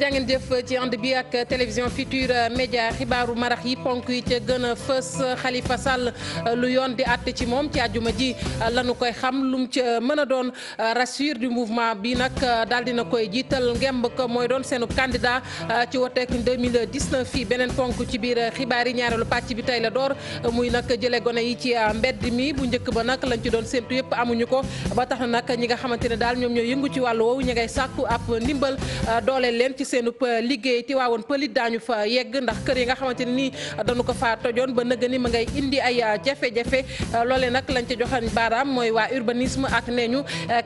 jàngeen jëf ci ànd bi ak télévision Future Média xibaaru marax yi ponk yi ca gën a fës Khalifa Sall lu yoon di àtte ci moom ci àjjuma ji lañu koy xam lum ca mën a doon rassure du mouvement bi nag daal na koy jiital ngemb ko mooy doon seenu candidat ci woteek 2019 fii beneen ponk ci biir xibaar yi ñaareelu pàcc bi tey la door muy nag jële gone yi ci mbedd mi bu njëkk ba nag lañ ci doon séentu yëpp amuñu ko ba tax na nag ñi nga xamante ne daal ñoom ñooy yëngu ci wàllu woowu ci seen euh, liggéey Tiwaawoon pëlit daañu fa yegg ndax kër yi nga xamante ni dañu ko faa tojoon ba nëgë ma ngay indi ay euh, jafe-jafe euh, loole nag lañ ci joxan baaraam mooy waa urbanisme ak nee ñu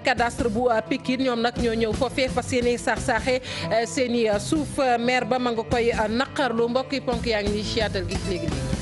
cadastre bu Pikine ñoom nag ñoo ñëw foofee fas seeni saax saaxe seen i suuf maire ba ma nga koy naqarlu mbokk yi ponk yaa ngi ni ci yaatal gi léegi léegi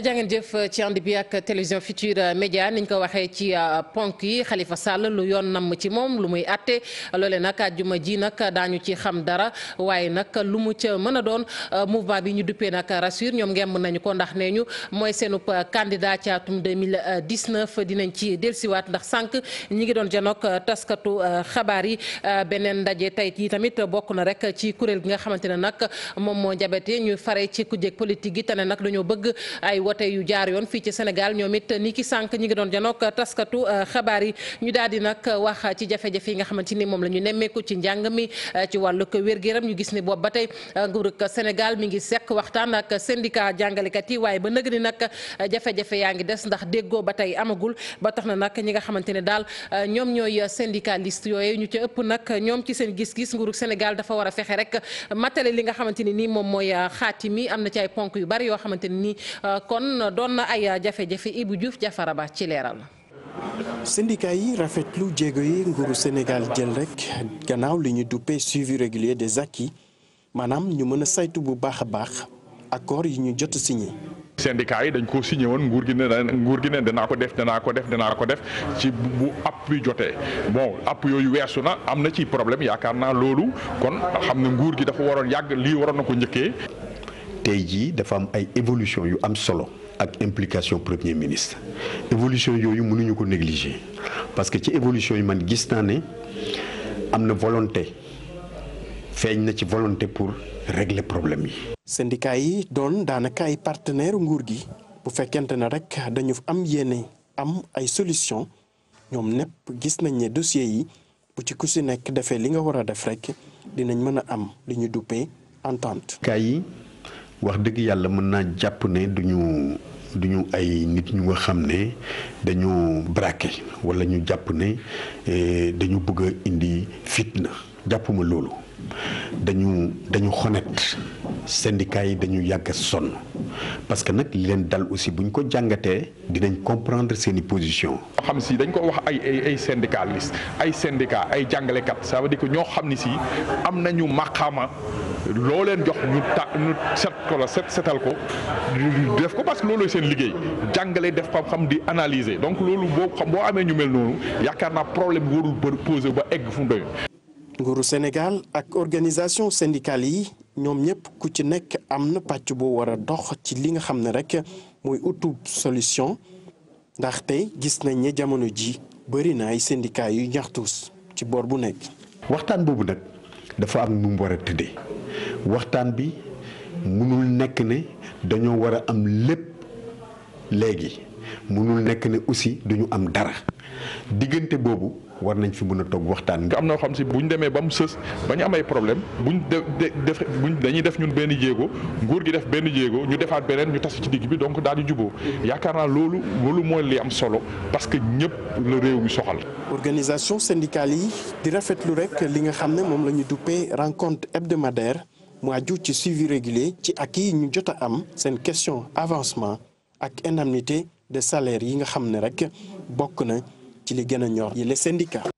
jàngeen jëf ci ànd bi ak télévision Futurs Médias niñ ko waxee ci euh, ponk yi xalifa Sall lu yoon namm ci moom lu muy àtte loole nag juma ji nag daañu ci xam dara waaye nag lu mu ca mën a doon euh, mouvement bi ñu duppee nag rassure ñoom ngemb nañu ko ndax nee ñu mooy seenub euh, candidat ci atum 2019 dinañ ci delsiwaat ndax sànq ñi ngi doon janook taskatu xabaar yi beneen ndaje tey yi tamit bokk na rek ci kuréel gi nga xamante ne nag moom moo njabete ñu fare ci ku politique gi te ne nag dañoo bëgg ay wote yu jaar yoon fii ci Sénégal ñoom it ni ki sànq ñi ngi doon janook taskatu euh, xabaar yi ñu daal di nag wax ci jafe-jafe yi nga xamante ni moom la ñu nemmeeku mi euh, ci wàllu wér-gu-yaram ñu gis ni boobu ba tey euh, ngi sekk waxtaan ak syndicat jàngalekat yi waaye ba nëg ni nag jafe-jafe yaa ngi des ndax déggoo ba tey amagul ba tax na nag ñi nga xamante ne daal ñoom ñooy syndicaliste yooyu ñu ci ëpp nag ñoom ci seen gis-gis nguurug Sénégal dafa war a fexe rek matale li nga xamante ne nii moom mooy xaati mi am na ci ay yoo xamante ne kon doon na ay jafe-jafe Ibou Diouf Jafara Ba ci leeral. syndicat yi rafetlu jéego yi nguuru Sénégal jël rek gannaaw li ñu duppee suivi régulier des acquis maanaam ñu mën a saytu bu baax a baax accord yi ñu jot signé. syndicat yi dañ koo signé woon nguur gi ne nguur gi danaa ko def danaa ko def danaa ko def ci bu app bi jotee bon app yooyu weesu na am na ci problème yaakaar naa loolu kon xam ne nguur gi dafa waroon yàgg lii waroon na ko njëkkee. tey jii dafa am ay évolution yu am solo ak implication premier ministre évolution yooyu mënuñu ko négliger parce que ci évolution yi man gis naa ne am na volonté feeñ na ci volonté pour régler problème yi. syndicat yi doon daanaka ay partenaire nguur gi bu fekkente ne rek dañu am yéene am ay solution ñoom ñépp gis nañ ne dossier yi bu ci ku si nekk defee li nga war a def rek dinañ mën a am li ñu duppee entente. syndicat yi wax dëgg yàlla mën na jàpp ne duñu duñu ay nit ñu nga xam ne dañu braqué wala ñu jàpp ne eh, dañu bëgg a indi fitna jàppuma loolu dañu dañu honnête syndicats yi dañu yàgg a sonn parce que nag li leen dal aussi bu ñu ko jàngatee dinañ comprendre seeni i position ñoo xam si dañ ko wax ay ay ay syndicaliste ay syndicat ay jàngalekat ça veut dire que ñoo xam ni si am nañu maqaama loo leen jox ñu ta ñu set ko la set setal ko def ko parce que loolu seen liggéey jàngale def xam-xam di analyser donc loolu boo xam boo amee ñu mel noonu yaakaar naa problème warul bër posé ba egg fu mu doy nguuru Sénégal ak organisation syndicale yi ñoom ñëpp ku ci nekk am na pàcc boo war a dox ci li nga xam ne rek mooy utub solution ndax tey gis nañ ne jamono ji bëri na ay syndicats yu ñaxtuus ci boor bu nekk. waxtaan boobu nag dafa am nu mu war a tëddee waxtaan bi mënul nekk ne dañoo war a am lépp léegi mënul nekk ne aussi duñu am dara diggante boobu. war nañ fi mën a toog waxtaan. nga am na xam si bu ñu demee ba mu sës ba ñu am ay problème buñ def buñ dañuy def ñun benn jéego nguur gi def benn jéego ñu defaat beneen ñu tas ci digg bi donc daal di juboo yaakaar naa loolu loolu mooy li am solo parce que ñëpp la réew mi soxal. organisation syndicale yi di rafetlu rek li nga xam ne moom la ñu duppee rencontre hebdomadaire mu aju ci suivi régulier ci ak yi ñu jot a am seen question avancement ak indemnité de salaire yi nga xam ne rek bokk na. ci li gën a ñor yi les syndicats.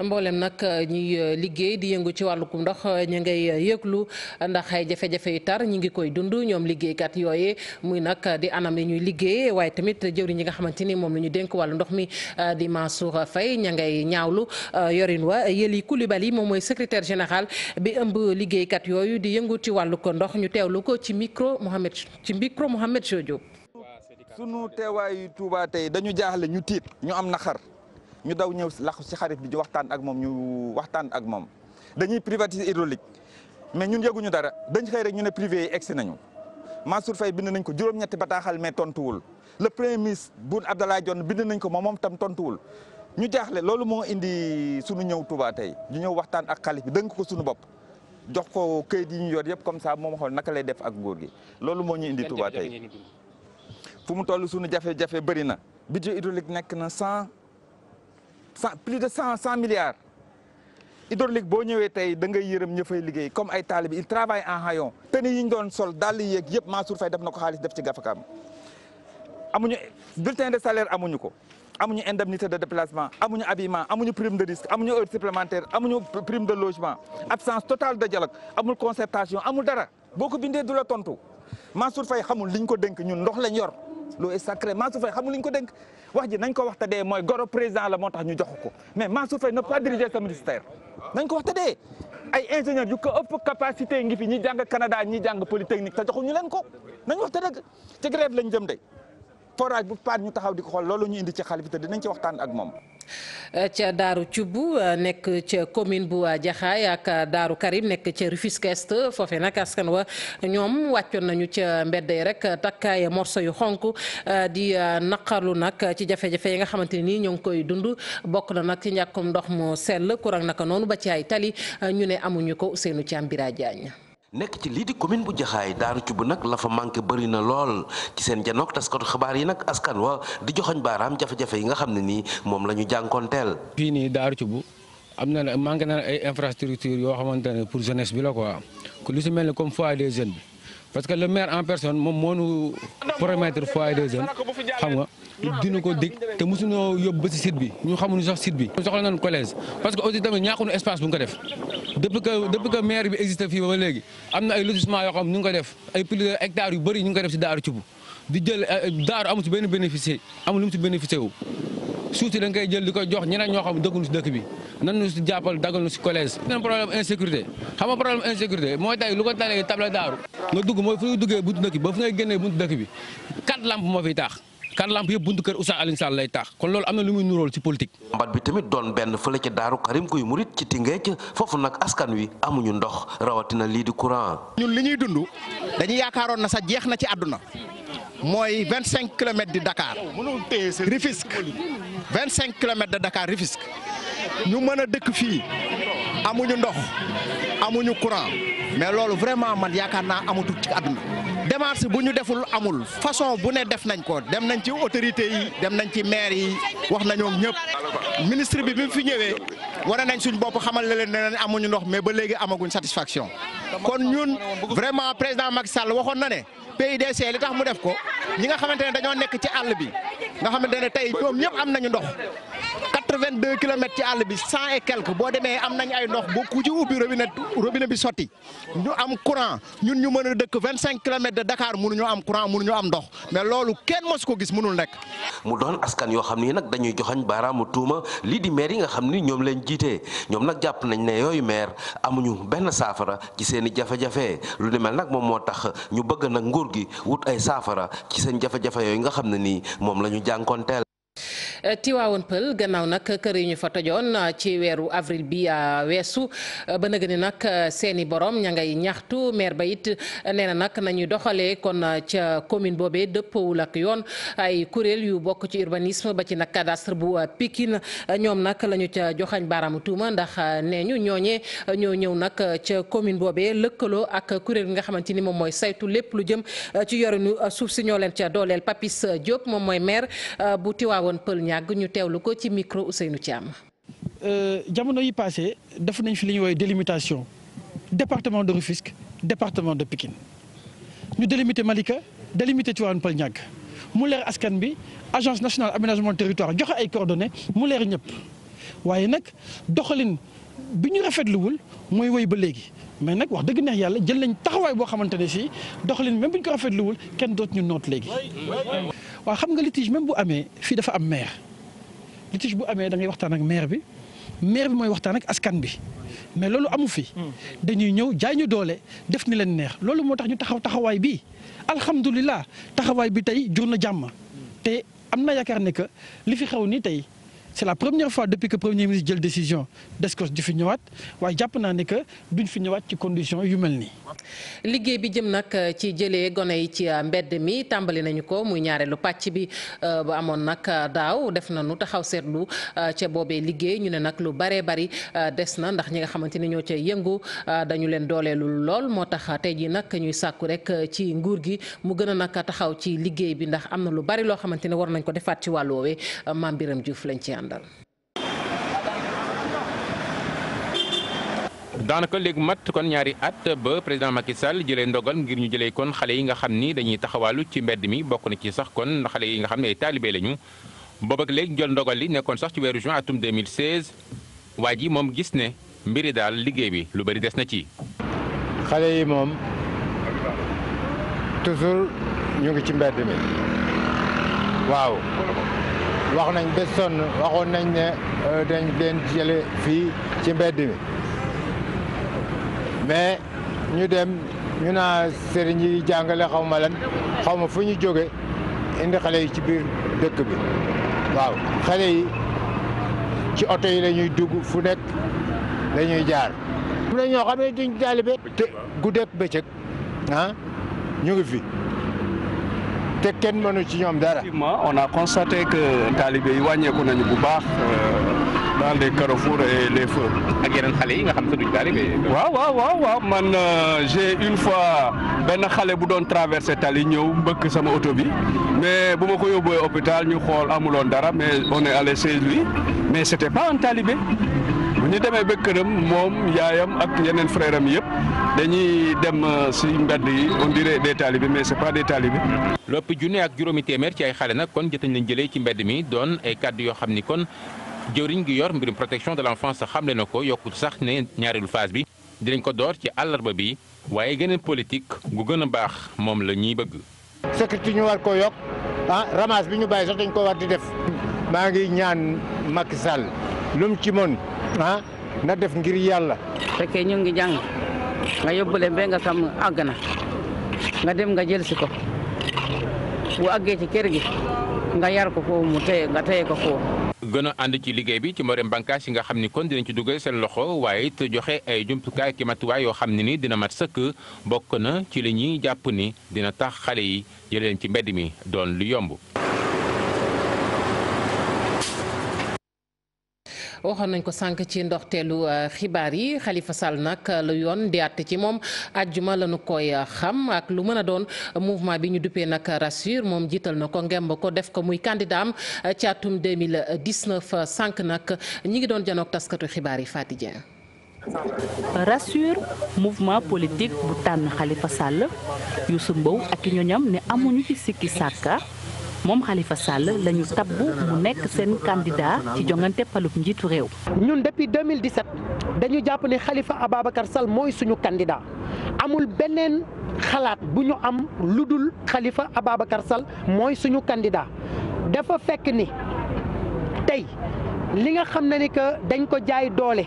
mboolem nag euh, ñuy euh, liggéey di yëngu ci wàllu ndox euh, ñu ngay yëglu ndax ay jafe yu tar ñi ngi koy dund ñoom liggéeykat yooye muy nag di anam yi ñuy liggéey waaye tamit jëwriñ yi nga xamante ni moom la ñu dénk wàllu ndox mi di Mansour Faye ña ngay ñaawlu yorin wa Yéli Coulibaly moom mooy secrétaire général bi ëmb liggéeykat yooyu di yëngu ci wàllu ko ndox ñu teewlu ko ci micro Mohamed ci micro Mohamed Sow sunu teewaayu Touba tey dañu jaaxle ñu tiit ñu am na xar ñu daw ñëw laxu ci xarit bi di waxtaan ak moom ñu waxtaan ak moom dañuy privatiser hydraulique mais ñun yëguñu dara dañ xëy rek ñu ne privé yi egsi nañu Mansour Faye bind nañ ko juróom-ñetti bataaxal mais tontuwul le premier ministre Boun Abdallah Dionne bind nañ ko moom moom tam tontuwul ñu jaaxle loolu moo indi sunu ñëw Touba tey ñu ñëw waxtaan ak xalif bi dënk ko sunu bopp jox ko këyit ñu yor yëpp comme ça moom xool naka lay def ak nguur gi loolu moo ñu indi Touba tey fu mu toll sunu jafe-jafe bëri na budget hydraulique nekk na cent cent plus de cent cent milliards hydraulique boo ñëwee tey da ngay yërëm ña fay liggéey comme ay taalibe il travaille en haillons tenue yi ñu doon sol dàll yeeg yëpp Mansour Faye def na ko xaalis def ci gafakaam amuñu bulletin de salaire amuñu ko amuñu indemnité de déplacement amuñu habillement amuñu prime de risque amuñu heure supplémentaire amuñu prime de logement absence totale de dialogue amul concertation amul dara boo ko bindee du tontu Mansour Faye xamul liñ ko dénk ñun ndox lañ yor loo est sacré Mansour Faye xamul li ko dénk wax ji nañ ko wax te dee mooy goro président la moo tax ñu jox ko mais Mansour Faye ne pas diriger sa ministère nañ ko wax te dee ay ingénieur yu ko ëpp capacité ngi ñi jàng Canada ñi jàng polytechnique te joxuñu leen ko nañ wax te dëgg ci grève lañ jëm de forage bu paat ñu taxaw di ko xool loolu ñu indi ci xalif bi te dinañ ci waxtaan ak moom. Euh, ca Daaru Cubb euh, nekk ca commune bu waa euh, Jaxaay ak Daaru Karim nekk ca Rufisque Est foofe nag askan wa ñoom wàccoon nañu ca mbedd yi rek takkaay morso yu xonk di naqarlu nag ci jafe-jafe yi nga xamante ne nii ñoo ngi koy dund bokk na nag ci ñàkkum ndox mu sell courant naka noonu ba ci ay tali ñu ne amuñu ko Ousseynou Thiam Bira Diagne nekk ci lii di commune bu jaxaay daaru ci bu nag la fa manqué bëri na lool ci seen janook taskatu xabaar yi nag askan wa di joxoñ baaraam jafe-jafe yi nga xam ne nii moom la ñu jànkoonteel. fii nii daaru ci bu am na manqué na ay infrastructure yoo xamante ne pour jeunesse bi la quoi ku lu si mel ni comme foyer des jeunes bi parce que le maire en personne moom moo nu promettre foyer des jeunes xam nga. dina ko dig te mosuñoo yóbbu ba si site bi ñu xamuñu soxla nañu collège parce depuis que depuis que maire bi existé fii ba léegi am na ay lotissement yoo xam ñu ngi ko def ay plus de hectares yu bëri ñu ko def si daaru cubu di jël eh, eh, daaru amu si benn bénéficier amul lu mu si bénéficié wu suuf si da nga koy jël di ko jox ñeneen ñoo xam dëkkuñu si dëkk bi nan ñu si jàppal dagal nu si collège beneen problème insécurité xam nga problème insécurité mooy tey lu ko dalee table daaru nga dugg mooy fu ñuy duggee buntu dëkk bi ba fu ngay génnee buntu dëkk bi quatre lampes moo fiy tax kan lamp yëpp buntu kër Oustaz Alioune Sall lay tax kon loolu am na lu muy nuróol ci politique. mbat bi tamit doon benn fële ca daaru Karim Guy Murit ci Tingeej foofu nag askan wi amuñu ndox rawatina lii di courant. ñun li ñuy dund dañuy yaakaaroon na sa jeex na ci àdduna mooy vingt cinq kilomètres di Dakar Rufisque vingt cinq kilomètres de Dakar Rufisque ñu mën a dëkk fii amuñu ndox amuñu courant mais loolu vraiment man yaakaar naa amatul ci àdduna. démarche bu ñu deful amul façon bu ne def nañ ko dem nañ ci autorité yi dem nañ ci maire yi wax nañoo ñëpp ministre bi bi mu fi ñëwee wane nañ suñ bopp xamal la leen ne amuñu ndox mais ba léegi amaguñ satisfaction kon ñun vraiment président Macky Sall waxoon na ne PUDC li tax mu def ko ñi nga xamante ne dañoo nekk ci àll bi nga xamante ne tey ñoom ñëpp am nañu ndox quatre-vingt-deux kilomètres ci àll bi cent et quelque boo demee am nañ ay ndox bu ku ci ubbi robinet robinet bi sotti ñu am courant ñun ñu mën a dëkk vingt-cinq kilomètres de Dakar mënuñu am courant mënuñu am ndox mais loolu kenn mosu ko gis mënul nekk. mu doon askan yoo xam ni nag dañuy joxañ baaraamu tuuma lii di maire yi nga xam ni ñoom leen jiite ñoom nag jàpp nañ ne yooyu maire amuñu benn saafara ci seen i jafe lu ni mel nag moom moo tax ñu bëgg nag nguur gi wut ay saafara ci seen jafe-jafe yooyu nga xam ne nii moom la ñu jànkoonteel Eh, Tiwaawoon Pël gannaaw nag kër yi ñu fa tojoon eh, ci weeru avril bi eh, weesu ba nëgëni nag seeni borom ña ngay ñaxtu maire ba it nee na nag nañu doxalee kon ca commune boobe dëppawul ak yoon ay kuréel yu bokk ci urbanisme ba ci nag cadastre bu Pikine ñoom nag la ñu ca joxañ baaraamu tuuma ndax nee ñu ñooñee ñoo ñëw nag ca commune boobee lëkkaloo ak kuréel gi nga xamante ni moom mooy saytu lépp lu jëm ci nu suuf si ñoo leen ca dooleel Papis Diop moom mooy maire yàgg ñu teewlu ko ci micro Ousseynou Thiam. Euh, jamono yi passé def nañ fi li ñuy woowee délimitation département de Rufisque département de Pikine ñu délimité Malika délimité Tivaouane Peulh Niaga mu leer askan bi agence nationale aménagement territoire joxe ay coordonnées mu leer ñëpp waaye nag doxalin bi ñu rafetluwul mooy woy ba léegi mais nag wax dëgg neex yàlla jël nañ taxawaay boo xamante ne si doxalin même bu ñu ko rafetluwul kenn doot ñu noot léegi. waa xam nga litige même bu amee fii dafa am maire litige bu amee da waxtaan ak maire bi maire bi mooy waxtaan ak askan bi mais loolu amu fi. Hmm. dañuy ñëw jaay ñu doole def ni leen neex loolu moo tax ñu taxaw taxawaay bi alhamdulilah taxawaay bi tey jur na jàmm te am na yaakaar ne que li fi xew nii tey. c'est la première fois depuis que premier ministre jël décision DSCOS di fi ñëwaat waaye jàpp naa ne que duñ fi ñëwaat ci condition yu mel nii. liggéey bi jëm nag ci jëlee gone yi ci mbedd mi tàmbali nañu ko muy ñaareelu pàcc bi euh, bu amoon nag daaw def na nu taxaw seetlu euh, ca boobee liggéey ñu ne nag lu baree bari euh, des na ndax ñi nga xamante ni ñoo ca yëngu dañu leen dooleelul lool moo tax tey jii nag ñuy sàkku rek ci nguur gi mu gën a nag taxaw ci liggéey bi ndax am na lu bari loo xamante ne war nañ ko defaat ci wàllu woowee Mame Birame Diouf lañ ci ànd. àndal. daanaka léegi mat kon ñaari at ba président Macky Sall jëlee ndogal ngir ñu jëlee kon xale yi nga xam ni dañuy taxawaalu ci mbedd mi bokk na ci sax kon xale yi nga xam ne ay taalibe lañu boobu ak léegi jël ndogal li nekkoon sax ci weeru juin atum 2016 waa ji moom gis ne mbiri daal liggéey bi lu bari des na ci. xale yi moom toujours ñu ngi ci mbedd mi waaw. wax nañ ba sonn waxoon nañ ne euh, dañ leen jële fii ci mbedd mi mais ñu dem ñu naa sëriñ yi jàngale xaw ma lan xaw fu ñu jóge indi xale yi ci biir dëkk bi waaw xale yi ci oto yi la ñuy dugg fu nekk la jaar mu ne ñoo xamee ne duñ taalibe te guddeeg bëccëg ah, ñu ngi fi te kenn mënu ci ñoom dara. effectivement on a constaté que. talibe yi wàññeeku nañu bu baax. Euh, dans des carrefours et les feux. ak yeneen xale yi nga xam te duñ taalibe. waaw waaw waaw waaw man euh, j'ai une fois benn xale bu doon traversé tali ñëw mbëkk sama oto bi mais bu ma ko yóbbuwee hôpital ñu xool amuloon dara mais on est allé chez lui mais c'était pas un talibé. bu ñu demee ba këram moom yaayam ak yeneen frère am yëpp dañuy dem euh, si mbedd yi on dirait des talibés mais c'est pas des talibés. loppi junne ak juróomi téeméer ci ay xale nag kon jotañ lañ jëlee ci mbedd mi doon ay kàddu yoo xam ni kon jëwriñ gi yor mbirum protection de l'enfance xamle na ko yokkut sax ne ñaareelu phase bi dinañ ko door ci àllarba bi waaye geneen politique gu gën a baax moom la ñuy bëgg. sécurité ñu war ko yokk ah ramasse bi ñu bàyyi sax dañ ko war di def. maa ngi ñaan Macky Sall lu ci mën. ah na def ngir yàlla. fekke ñu ngi jàng nga yóbbale ba nga xam àgg na nga dem nga jël si ko bu àggee ci kër gi nga yar ko foofu mu téye nga téye ko foofu. gën a ànd ci liggéey bi ci mboolem bànqaas yi nga xam ni kon dinañ ci dugal seen loxo waaye it joxe ay jumtukaay ki matuwaay yoo xam ne ni dina mat sëkk bokk na ci li ñuy jàpp ni dina tax xale yi jëleen ci mbedd mi doon lu yomb. waxoon nañ ko sànq ci ndoxteelu euh, xibaar yi xalifa Sall nag euh, lu yoon di ci moom àjjuma la ñu koy euh, xam ak lu mën doon mouvement bi ñu duppee nag rassure moom jiital na ko ngemb ko def ko muy candidat am ci atum 2019 sànq nag ñi ngi doon janook taskatu xibaar yi Faty Dieng rassure mouvement politique bu tànn Khalifa Sall Youssou Mbow ak ñoñam ne amuñu ci sikki sàkka moom xalifa Sall lañu ñu mu nekk seen candidat ci jongante palub njiitu réew. ñun depuis 2017 dañu jàpp ne Khalifa Ababacar Sall mooy suñu candidat amul beneen xalaat bu ñu am lu dul xalifa Ababacar Sall mooy suñu candidat dafa fekk ni tey li nga xam ne ni que dañ ko jaay doole.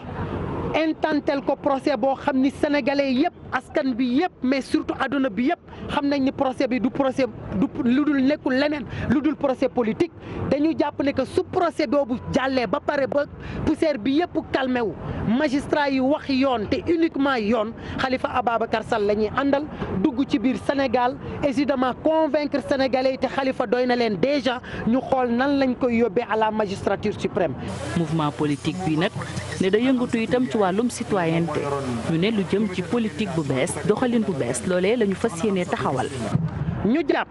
intentel ko procès boo xam ni sénégalais yëpp askan bi yëpp mais surtout àdduna bi yëpp xam nañ ni procès bi du procès du lu dul nekkul leneen lu dul procès politique dañu jàpp ne que su procès boobu jàllee ba pare ba poussière bi yëpp calmé wu magistrat yi wax yoon te uniquement yoon xalifa Ababacar Sall la ñuy àndal dugg ci biir Sénégal évidemment convaincre sénégalais yi te Khalifa doy na leen déjà ñu xool nan lañ koy yóbbee à la magistrature suprême mouvement politique bi wàllum citoyenneté ñu ne lu jëm ci politique bu bees doxalin bu bees loolee la ñu fas yéenee taxawal. ñu jàpp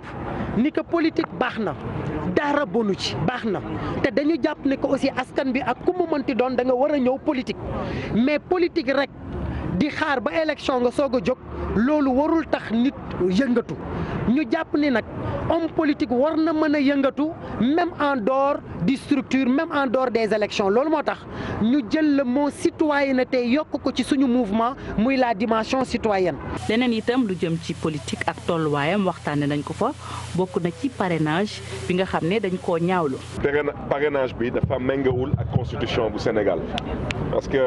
ni que politique baax na daara bonu ci baax na te dañu jàpp ne ko aussi askan bi ak ku mu mënti doon da nga war a ñëw politique mais politique rek. di xaar ba élection nga soog a jóg loolu warul tax nit yëngatu ñu jàpp ni nag homme politique war na mën a yëngatu même en door di structure même en dehors des élections loolu moo tax ñu jël la le mot citoyenneté yokk ko ci suñu mouvement muy la dimension citoyenne. leneen itam lu jëm ci politique ak tolluwaayam waxtaane nañ ko fa bokk na ci parrainage bi nga xam ne dañ ko ñaawlu. parrainage bi dafa méngawul ak constitution bu Sénégal parce que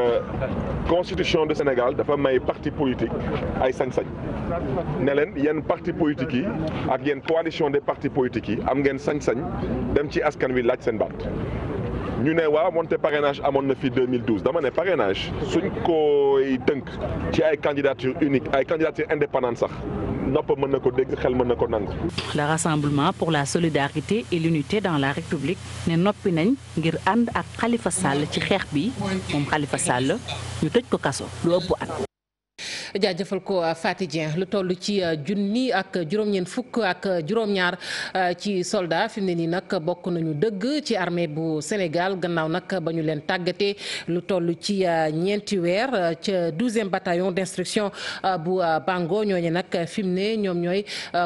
constitution du Sénégal. dafa may parti politique ay sañ-sañ ne leen yenn parti politique yi ak yenn coalition des parti politiques yi am ngeen sañ-sañ dem ci askan wi laaj seen baat ñu ne waa wante parrainage amoon na fi 2012 dama ne parrainage suñ koy tënk ci ay candidature unique ay candidature indépendante sax nopp mën na ko dégg xel mën na ko nangu. le rassemblement pour la solidarité et l'unité dans la république ne noppi nañ ngir ànd ak xalifa Sall ci xeex bi moom xalifa Sall ñu tëj ko kaso lu jaajëfal ko euh, Faty Dieng lu tollu ci euh, junni ak juróom-ñeent fukk ak euh, juróom-ñaar ci soldat fi ne nii nag bokk nañu dëgg ci armée bu Sénégal gannaaw nag ba ñu leen tàggatee lu toll ci ñeenti weer ca douzième bataillon d'instruction bu Bango ñooñu nag fi mu ne ñoom ñooy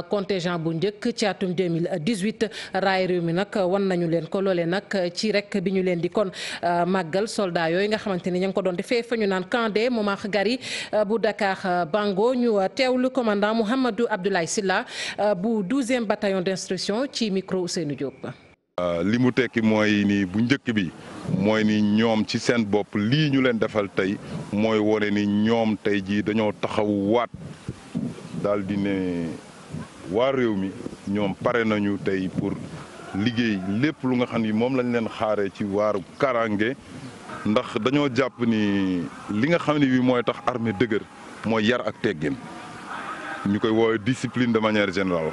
contingent bu njëkk ci atum 2018 raay réew mi nag wan nañu leen ko loolee nag ci rek bi ñu leen di kon màggal soldat yooyu nga xamante ni ña ngi ko doon defee fa naan camp des Momar Gari bu Dakar euh, Bango ñu euh, teewlu commandant Mouhamadou Abdoulaye Sylla euh, bu 12e bataillon d'instruction ci micro seeni Diop. li mu tekki mooy ni bu njëkk bi mooy ni ñoom ci seen bopp lii ñu leen defal tey mooy wone ni ñoom tey jii dañoo taxaw waat daal ne waa réew mi ñoom pare nañu tey pour liggéey lépp lu nga xam ni moom lañ leen xaaree ci waaru karange ndax dañoo jàpp ni li nga xam ne bi mooy tax armée dëgër mooy yar ak teggin ñu koy woowee discipline de manière générale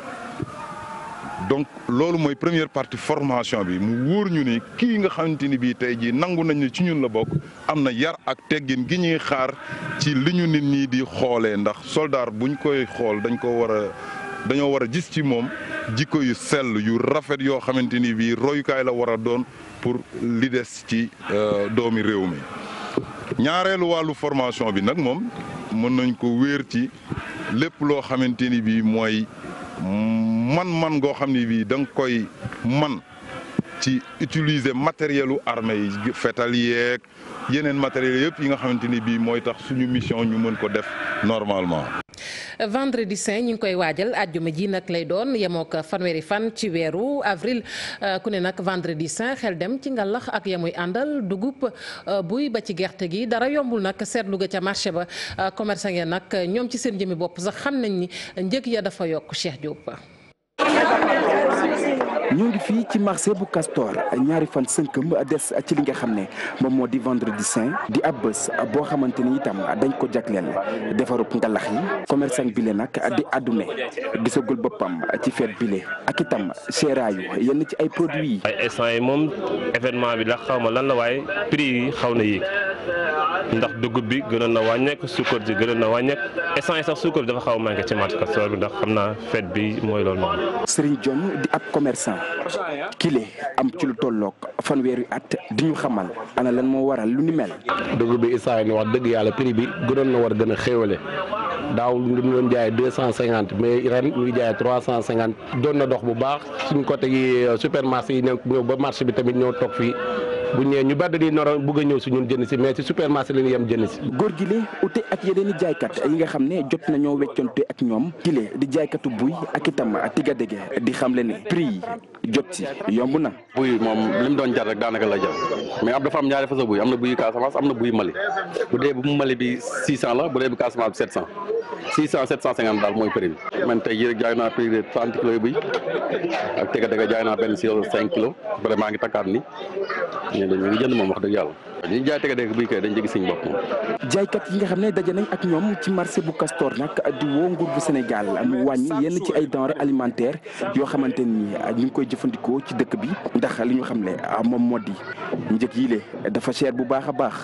donc loolu mooy première partie formation bi mu wóor ñu ni kii nga xamante ni bii tey jii nangu nañu ci ñun la bokk am na yar ak teggin gi ñuy xaar ci li ñu nit ñi di xoolee ndax soldaar buñ koy xool dañu ko war a dañoo war a gis ci moom jikko yu sell yu rafet yoo xamante ni bii royukaay la war a doon pour li des ci euh, doomi réew mi ñaareelu wàllu formation bi nag moom mën nañ ko wéer ci lépp loo xamante ni bii mooy man-man ngoo xam ni bii da nga koy man ci utiliser matériel u armée yi fetal yeeg yeneen matériel yëpp yi nga xamante ni bii mooy tax suñu mission ñu mën ko def normalement vendredi saint ñu ngi koy waajal àjjuma jii nag lay doon yemook fanweeri fan ci weeru avril euh, ku ne nag vendredi saint xel dem ci ngalax ak yemuy àndal dugub euh, buy ba ci gerte gi dara yombul nag seetlu ga ca marché ba euh, commerçant ya nag ñoom ci seen jëmi bopp sax xam nañ ni njëg ya dafa yokk Cheikh Diop. ñoo ngi fii ci marché bu Castor ñaari fan sënkëm des ci li nga xam ne moom moo di vendredi saint di ab bés boo xamante ni itam dañ ko jagleel defarub ngalax yi commerçant bile nag di àddune gisagul boppam ci fête bile ak itam seeraayu yenn ci ay produits yi. ay instant moom événement bi la xaw ma lan la waaye prix yi xaw na yéeg. ndax dugub bi gënoon na wàññeeku suukar ji gënoon na wàññeeku essence sax suukar bi dafa xaw a manqué ci marché Castors bi ndax xam naa fête bi mooy loolu moom. Serigne Diome di ab am ci lu tolloog fanweeri at di ñu xamal ana lan moo waral lu ni mel. dugub bi Issa wax dëgg yàlla prix bi gënoon na war a xéwale daaw lu ñu doon jaayee deux cent cinquante mais ren ñu ngi jaayee trois cent cinquante doon na dox bu baax suñ côté yi euh, supermarché yi ñëw ba marché bi tamit ñëw toog fii. bu ñëwee ñu bari dañuy noroon bëgg ñëw si ñun jënd si mais si supermarché la ñu yem jënd si. góor gi le ute ak yeneen i jaaykat yi nga xam ne jot nañoo wecconte ak ñoom kile di jaaykatu buy ak itam a tigadege di xam ne prix yi jot si yomb na. buy moom li mu doon jar rek daanaka la jar mais am dafa am ñaari façon buy am na buy Casamance am na buy Mali bu dee bu Mali bi 600 la bu dee bu Casamance bi 700. six cent sept cent cinquante daal mooy prix bi man tey jii rek jaay naa prix de trente kilos bi ak tega tega jaay naa benn silo cinq kilos vraiment ngi takkaat ni ñun dañu ngi jënd moom wax dëgg yàlla ñi jaay tega tega buy kay dañ jëgi suñ bopp moom jaaykat yi nga xam ne daje nañ ak ñoom ci marché bu Castor nag di woo nguur bu Sénégal mu wàññi yenn ci ay denrées alimentaire yoo xamante ni ñu ngi koy jëfandikoo ci dëkk bi ndax li ñu xam ne ah, moom moo di njëg yii dafa cher bu baax a baax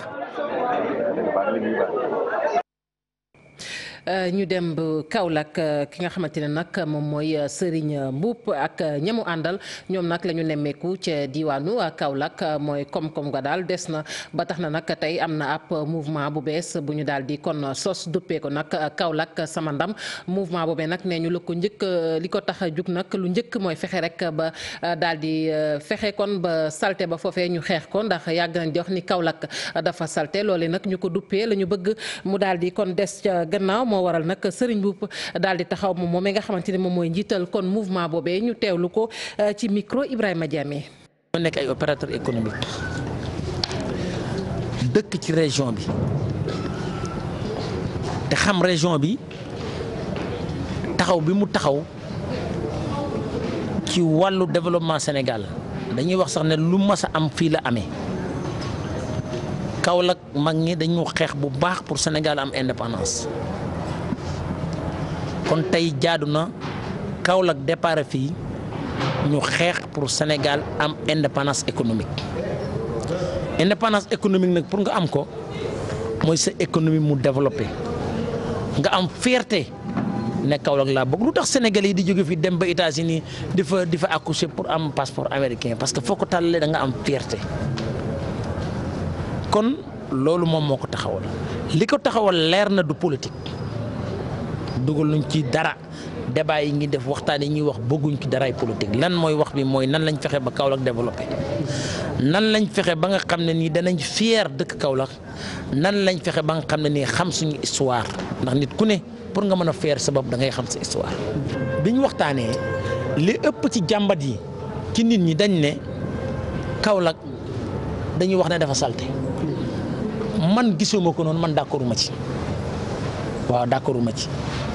Euh, ñu dem ba Kaolack euh, ki nga xamante ne nag moom mooy euh, Serigne Mboup ak ñamu àndal ñoom nag la ñu nemmeeku ca diwaanu Kaolack mooy koom-koom ga daal des na ba tax na nag tey am na ab mouvement bu bees bu ñu daal di kon sos duppee ko nag Kaolack sama ndam mouvement boobee nag nee ñu la ko njëkk li ko tax a jug nag lu njëkk mooy fexe rek ba daal di fexe kon ba salte ba foofee ñu xeex ko ndax yàgg nañ di ni Kaolack dafa salte loolee nag ñu ko duppee la bëgg mu daal moo nag Serigne Mboup daal di taxaw moom moom mi nga xamante ni moom mooy njiital kon mouvement boobee ñu teewlu ko euh, ci micro Ibrahima Diame. ñoo nekk ay opérateur économique dëkk ci région bi te xam région bi taxaw bi mu taxaw ci wàllu développement Sénégal dañuy wax sax ne lu mas a am fii la amee. Kaolack mag ñi dañu xeex bu baax pour Sénégal am indépendance kon tey jaadu na Kaolack départ fii ñu xeex pour Sénégal am indépendance économique indépendance économique nag pour nga am ko mooy sa économie mu développé nga am fierté ne Kaolack laa bëgg lu tax sénégal yi di jóge fii dem ba États-Unis di fa di fa accoucher pour am passeport américain parce que foo ko tàllalee da nga am fierté kon loolu moom moo ko taxawal li ko taxawal leer na du politique. dugaluñ ci dara débat yi ngi def waxtaan yi ñuy wax bëgguñ ci daraay politique lan mooy wax bi mooy nan lañ fexe ba Kaolack développé nan lañ fexe ba nga xam ne nii danañ fier dëkk Kaolack nan lañ fexe ba nga xam ne nii xam suñu histoire ndax nit ku ne pour nga mën a fier sa bopp da ngay xam sa histoire. biñ waxtaanee li ëpp ci jàmbat yi ci nit ñi dañ ne Kaolack dañuy wax ne dafa salte man gisuma ko noonu man d'accorduma ci waaw d'accorduma ci.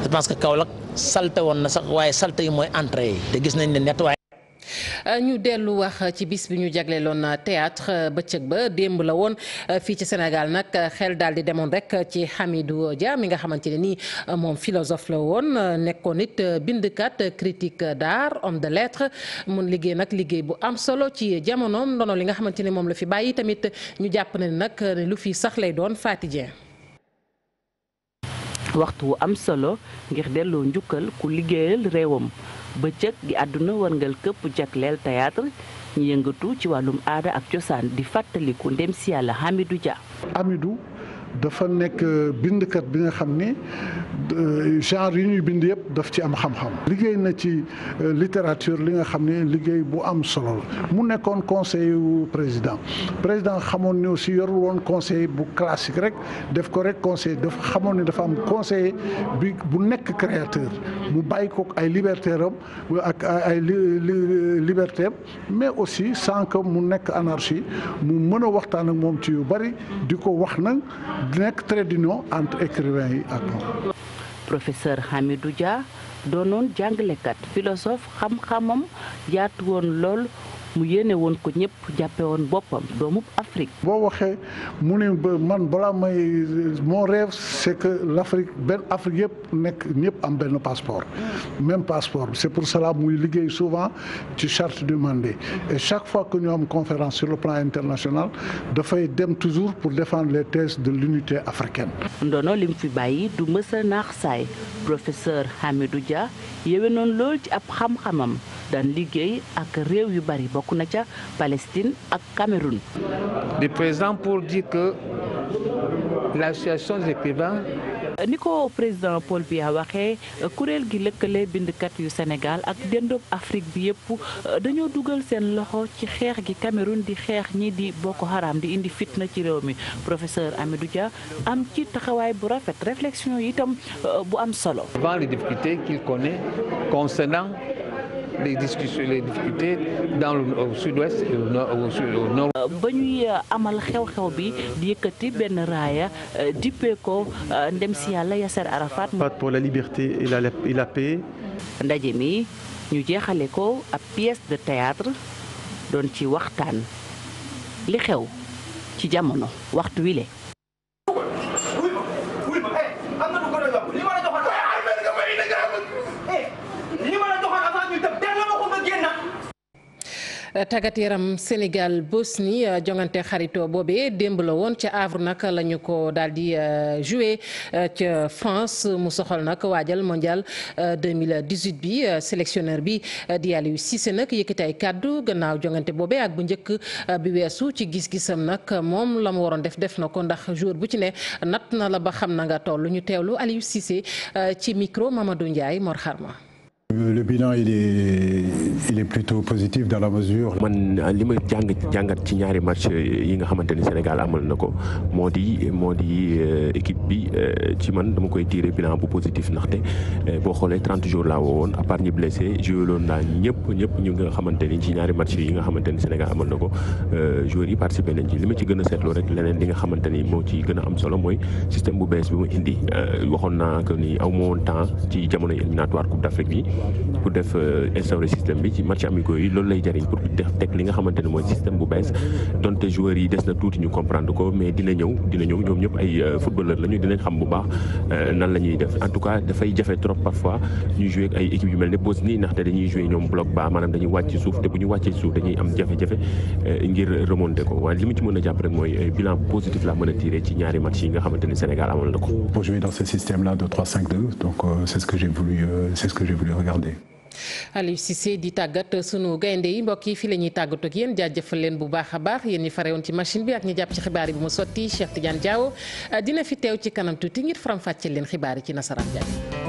je pense que Kaolack salte woon na sax waaye salte yi mooy entrée yi te gis nañ ne nettoyé. Euh, ñu dellu wax ci bis bi ñu jagleeloon euh, théâtre euh, bëccëg ba démb la woon fii ci Sénégal nag xel daal di demoon rek ci Hamidou Dia mi nga xamante ne nii moom philosophe la woon nekkoon it bindkat critique d'art homme de lettres mun liggéey nag liggéey bu am solo ci jamono ndono li nga xamante ne moom la fi bàyyi tamit ñu jàpp ne nag lu fi sax lay doon Faty waxtu wu am solo ngir delloo njukkal ku liggéeyal réewam bëccëg gi àdduna warngal këpp jagleel théâtre ñu yëngatu ci wàllum aada ak cosaan di fàttaliku ndem si yàlla Hamidou Dia. dafa nekk bindkat bi nga xam ni euh, genre yu ñuy bind yëpp daf ci am xam-xam. liggéey na ci euh, littérature li nga xam ne liggéey bu am solo la mu nekkoon conseil président président xamoon ni aussi yorul woon conseil bu classique rek def ko rek conseil dafa xamoon ni dafa am conseil bi bu nekk créateur mu bàyyi ko ay liberté am ak ay liberté mais aussi sans que mu nekk anarchie mu mën a waxtaan ak moom ci yu bari di ko wax nag. nekk trait d'union entre écrivain yi ak moom. professeur Hamidou Dia doonoon jàngalekat philosophe xam-xamam yaatu woon lool. mu yéene woon ko ñëpp jàppe woon boppam doomu Afrique. boo waxee mu ne man balaa may mon rêve c'est que l'Afrique benn Afrique yëpp nekk ñëpp am benn passeport. même passeport c'est pour cela muy liggéey souvent ci charte du Mandé et chaque fois que ñu am conférence sur le plan international dafay dem toujours pour défendre les thèses de l'unité africaine. ndono lim fi bàyyi du mësa naax saay professeur Hamidou Dia yewe noonu lool ci ab xam-xamam. daan liggéey ak réew yu bari bokk na ca Palestine ak Cameroun. di présent pour dire que l'association des écrivains. ni ko président Paul Biya waxee kuréel gi lëkkale bindkat yu Sénégal ak dendoob Afrique bi yëpp dañoo dugal seen loxo ci xeex gi Cameroun di xeex ñi di Boko Haram di indi fitna ci réew mi professeur Amidou ja am ci taxawaay bu rafet réflexion yi itam bu am solo. Devant les difficultés qu'il connaît concernant les discussions les difficultés dans euh, ba ñuy euh, amal xew-xew bi di yëkkati benn raaya euh, dippee ko ndem si yàlla Yasser Arafat. pour la liberté et la paix. ndaje mi ñu jeexale ko ab pièce de théâtre doon ci waxtaan li xew ci jamono waxtu wile. tàggat yaram Sénégal Bosnie euh, jongante xarito boobee démb la woon ca Havre nag la ñu ko daal di euh, joué euh, ca France mu soxal nag waajal mondial 2018 bi sélectionneur bi di Aliou Cissé nag yëkkati ay kàddu gannaaw jongante boobee ak bu njëkk bi weesu ci gis-gisam nag moom la mu waroon def def na ko ndax jour bu ci ne nat na la ba xam na nga toll ñu teewlu Aliou Cissé ci micro Mamadou Ndiaye Mor Xarma Euh, le bilan il est il est plutôt positif dans la mesure. man li ma jàng jàngat ci ñaari match yi nga xamante ni Sénégal amal na ko moo di moo di euh, équipe bi euh, ci man dama koy tirer bilan bu positif ndaxte boo xoolee trente jours la woon à part ñi blessé joué loon naa ñëpp ñëpp ñu nga xamante ni ci ñaari match yi nga xamante ni Sénégal amal na ko joueurs yi participé nañ ci li ma ci gën a seetloo rek leneen li nga xamante ni moo ci gën am solo mooy système bu bees bi mu indi waxoon naa que ni aw ma temps ci jamono éliminatoire Coupe d'Afrique bi. pour def euh, instaurer système bi ci match amicaux yi loolu lay jëriñ pour teg li nga xamante ne mooy système bu bees donte joueurs yi des na tuuti ñu comprendre ko mais dina ñëw dina ñëw ñoom ñëpp ay euh, footballeur la dinañ xam bu baax euh, nan la ñuy def en tout cas dafay jafe trop parfois ñuy jouer ak ay équipe yu mel ne Bosnie ndaxte dañuy jouer ñoom bloc bas maanaam dañuy wàcc suuf te bu ñu wàccee suuf dañuy am jafe-jafe ngir remonter ko waaye li mu ci mën a jàpp mooy a tiré ci ñaari match yi nga regarder. Aliou Cissé di tàggat sunu gaynde yi mbokk yi fii la ñuy tàggatoo ak yéen jaajëfal leen bu baax a baax yéen ñi fare woon ci machine bi ak ñi jàpp ci xibaar yi bu ma sotti Cheikh Tidiane Diawo dina fi teew ci kanam tuuti ngir faram-fàcceel leen xibaar yi ci nasaraan jaay.